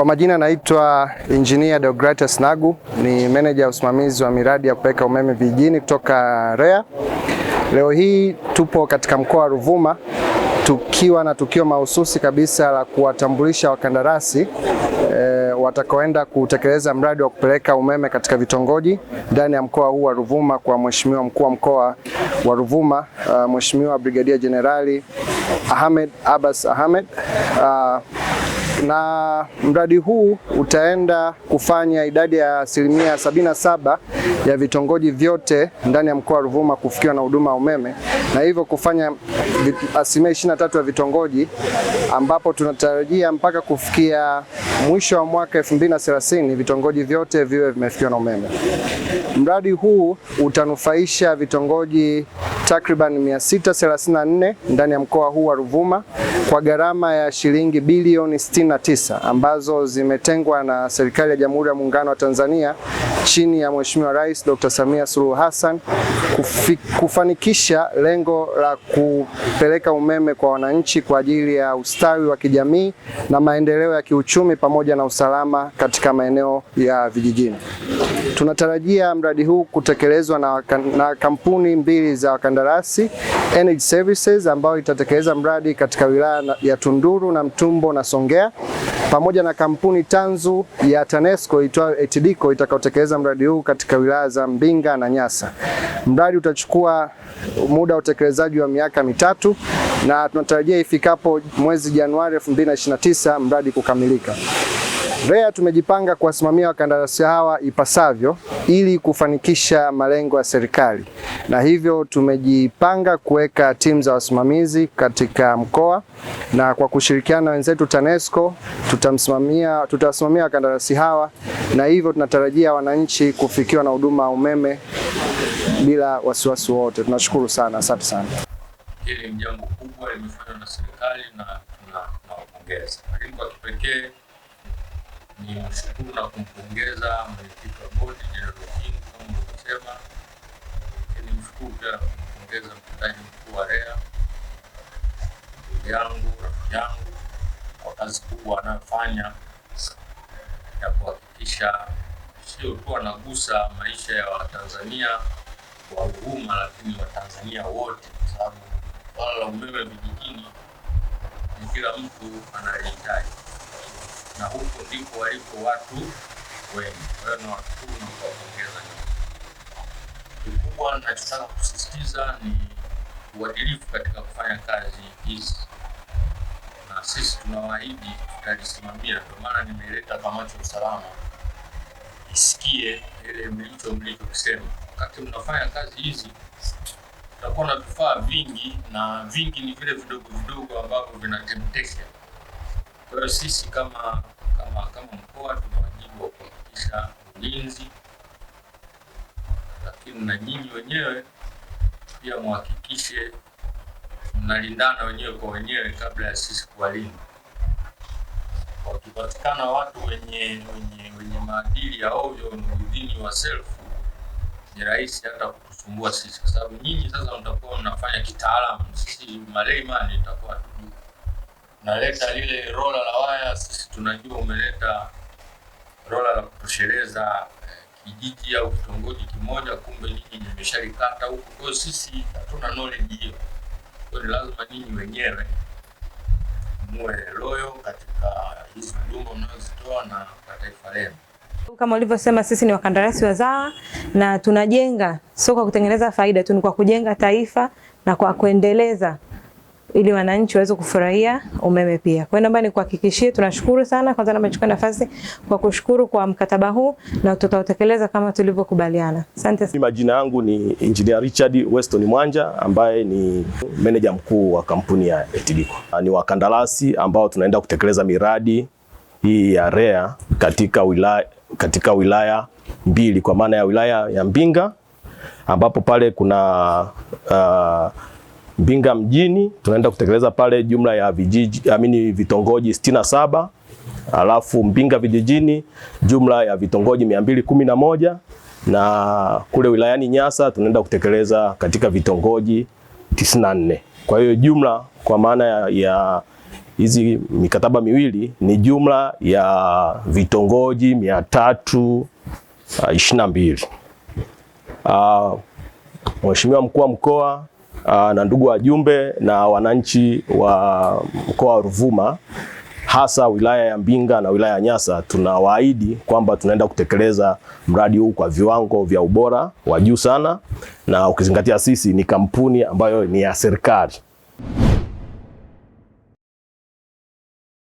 Kwa majina naitwa Injinia Deogratus Nagu, ni meneja ya usimamizi wa miradi ya kupeleka umeme vijijini kutoka REA. Leo hii tupo katika mkoa wa Ruvuma tukiwa na tukio mahususi kabisa la kuwatambulisha wakandarasi e, watakaoenda kutekeleza mradi wa kupeleka umeme katika vitongoji ndani ya mkoa huu wa Ruvuma kwa Mheshimiwa Mkuu wa Mkoa wa Ruvuma eh, Mheshimiwa Brigadia Jenerali Ahmed Abbas Ahmed a, ah, na mradi huu utaenda kufanya idadi ya asilimia saba ya vitongoji vyote ndani ya mkoa wa Ruvuma kufikiwa na huduma ya umeme na hivyo kufanya asilimia tatu ya vitongoji, ambapo tunatarajia mpaka kufikia mwisho wa mwaka 2030 vitongoji vyote viwe vimefikiwa na umeme. Mradi huu utanufaisha vitongoji takriban 634 ndani ya mkoa huu wa Ruvuma kwa gharama ya shilingi bilioni 69 ambazo zimetengwa na serikali ya Jamhuri ya Muungano wa Tanzania chini ya Mheshimiwa Rais Dr. Samia Suluhu Hassan kufanikisha lengo la kupeleka umeme kwa wananchi kwa ajili ya ustawi wa kijamii na maendeleo ya kiuchumi pamoja na usalama katika maeneo ya vijijini. Tunatarajia mradi huu kutekelezwa na, na kampuni mbili za wakandarasi Energy Services ambayo itatekeleza mradi katika wilaya wilaya ya Tunduru na Mtumbo na Songea pamoja na kampuni tanzu ya TANESCO itwayo ETDCO itakayotekeleza mradi huu katika wilaya za Mbinga na Nyasa. Mradi utachukua muda wa utekelezaji wa miaka mitatu na tunatarajia ifikapo mwezi Januari 2029 mradi kukamilika. REA tumejipanga kuwasimamia wakandarasi hawa ipasavyo ili kufanikisha malengo ya serikali, na hivyo tumejipanga kuweka timu za wasimamizi katika mkoa, na kwa kushirikiana na wenzetu TANESCO tutamsimamia tutawasimamia wakandarasi hawa, na hivyo tunatarajia wananchi kufikiwa na huduma ya umeme bila wasiwasi wote. Tunashukuru sana, asante sana. Hili ni jambo kubwa limefanywa na serikali na tunawapongeza, lakini kwa kipekee mshukuru na kumpongeza mwenyekiti wa bodi Jenerali Kingu kama ulivyosema, lakini mshukuru pia na kumpongeza mtendaji mkuu wa REA yangu rafiki yangu kwa kazi kubwa anayofanya ya kuhakikisha sio tu anagusa maisha ya Watanzania wa huruma, lakini Watanzania wote, kwa sababu swala la umeme vijijini ni kila mtu analihitaji na huko ndipo waliko watu wengi. Kwa hiyo nawashukuru na kuwapongeza. Kikubwa nachotaka kusisitiza ni uadilifu katika kufanya kazi hizi, na sisi tunawaahidi tutalisimamia. Ndio maana nimeleta kamati ya usalama isikie ile mlicho mlichosema. Wakati mnafanya kazi hizi, tutakuwa na vifaa vingi, na vingi ni vile vidogo vidogo ambavyo vina temptation kwa hiyo sisi kama kama kama mkoa tuna wajibu wa kuhakikisha ulinzi, lakini na nyinyi wenyewe pia muhakikishe mnalindana wenyewe kwa wenyewe kabla ya sisi kuwalinda. Wakipatikana watu wenye wenye wenye maadili ya ovyo udhini wa self, ni rahisi hata kutusumbua sisi, kwa sababu nyinyi sasa mtakuwa mnafanya kitaalamu, sisi maleiman itakuwa tujui naleta lile rola la waya. Sisi tunajua umeleta rola la kutosheleza eh, kijiji au kitongoji kimoja, kumbe nyinyi nimeshalikata huko. Kwa hiyo sisi hatuna knowledge hiyo, kwa hiyo lazima nyinyi wenyewe muwe loyo katika hizi huduma mnazozitoa na kwa taifa lenu. Kama ulivyosema, sisi ni wakandarasi wazawa na tunajenga, sio kwa kutengeneza faida tu, ni kwa kujenga taifa na kwa kuendeleza ili wananchi waweze kufurahia umeme pia. Kwa hiyo naomba nikuhakikishie tunashukuru sana kwanza, naomba nafasi kwa kushukuru kwa mkataba huu na tutautekeleza kama tulivyokubaliana. Asante. Majina yangu ni Engineer Richard Weston Mwanja ambaye ni meneja mkuu wa kampuni ya ETDCO. Ni wakandarasi ambao tunaenda kutekeleza miradi hii ya REA katika wilaya, katika wilaya mbili kwa maana ya wilaya ya Mbinga ambapo pale kuna uh, Mbinga mjini tunaenda kutekeleza pale jumla ya vijiji amini vitongoji stina saba alafu Mbinga vijijini jumla ya vitongoji mia mbili kumi na moja na kule wilayani Nyasa tunaenda kutekeleza katika vitongoji 94. Kwa hiyo jumla kwa maana ya hizi mikataba miwili ni jumla ya vitongoji mia tatu uh, ishirini mbili. Uh, Mheshimiwa mkuu wa mkoa Ah, na ndugu wajumbe na wananchi wa mkoa wa Ruvuma hasa wilaya ya Mbinga na wilaya ya Nyasa, tunawaahidi kwamba tunaenda kutekeleza mradi huu kwa viwango vya ubora wa juu sana, na ukizingatia sisi ni kampuni ambayo ni ya serikali.